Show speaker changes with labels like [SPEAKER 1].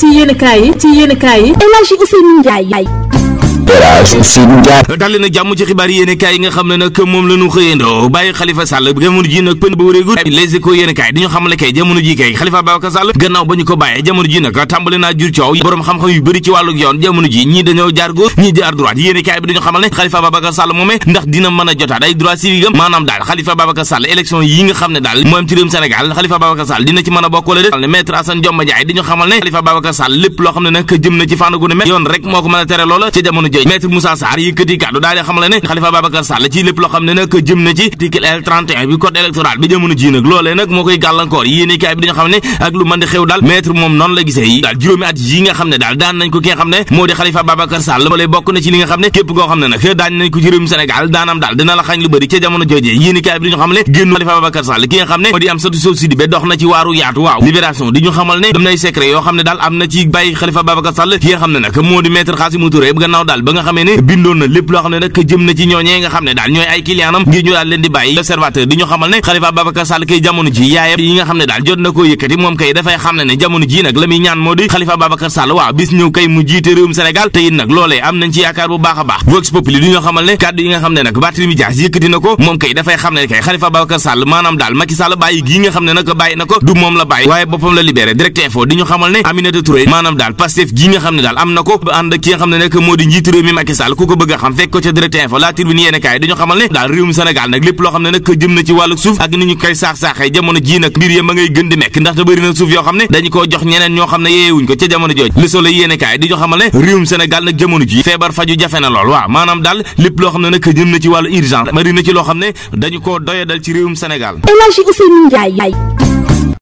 [SPEAKER 1] ci yéenekaay yi ci yéenekaay yi El Hadji Ousseynou Ndiaye Elhadji na jàmm ci xibaar yéene kaay yi nga xam ne nag moom la ñu xëyandoo bàyyi Xalifa Sàll jamono ji nag pën ba wëreegul Les Échos ko bàyyee dañu xamal ne Xalifa Babacar a ne ci réewum Sénégal a yoon rek moo ko mën a tere loola ci jamono Dieng maître Moussa Sarr yëkkati kàddu daal ne Khalifa Babacar Sall ci lépp loo xam ne nag jëm na ci article l bi code électoral bi jamono ji nag loolee nag moo koy gàllankoor yéene kaay bi dañu xam ne daanam daal dina la xañ lu bëri ca jamono joojee yéene bi dañu xam ne génn Khalifa Babacar Sall ki nga xam ne moo di am satu sof sidibé dox na ci waaru yaatu waaw libération di ñu xamal ne dam nay yoo xam ne daal am na ci bàyyi Khalifa ba nga xamee ne bindoon na lépp loo xam ne nag jëm na ci ñooñee nga xam ne daal ñooy ay clientam ngir ñu daal leen di bàyyi l'observateur di ñu xamal ne Khalifa Ababacar Sall la muy ñaan moo di Khalifa Ababacar maanaam daal Macky Sall bàyyi gi nga xam ne nag bàyyi na ko du moom la bàyyi waaye boppam la libéré direct info di ñu xamal ne Aminata Touré maanaam daal Pastef gi nga xam ne daal am na ko ànd ki nga xam ne nag moo di njiit réew mi Macky Sall ku ko bëgg a xam fekk ko ca direct info la tribune yéene kaay dañu xamal ne daal réewum Sénégal nag lépp loo xam ne nag jëm na ci wàllu suuf ak ni ñu koy saax-saaxee jamono ji nag mbir ya ma ngay gën di mekk ndaxte bëri suuf yoo xam ne dañu koo jox ñeneen ñoo xam ne yeewuñ ko ca jamono jooj Le Soleil yéene kaay di ñu xamal ne réewum Sénégal nag jamono ji feebar faju jafe na lool waaw maanaam daal lépp loo xam ne na ci wàllu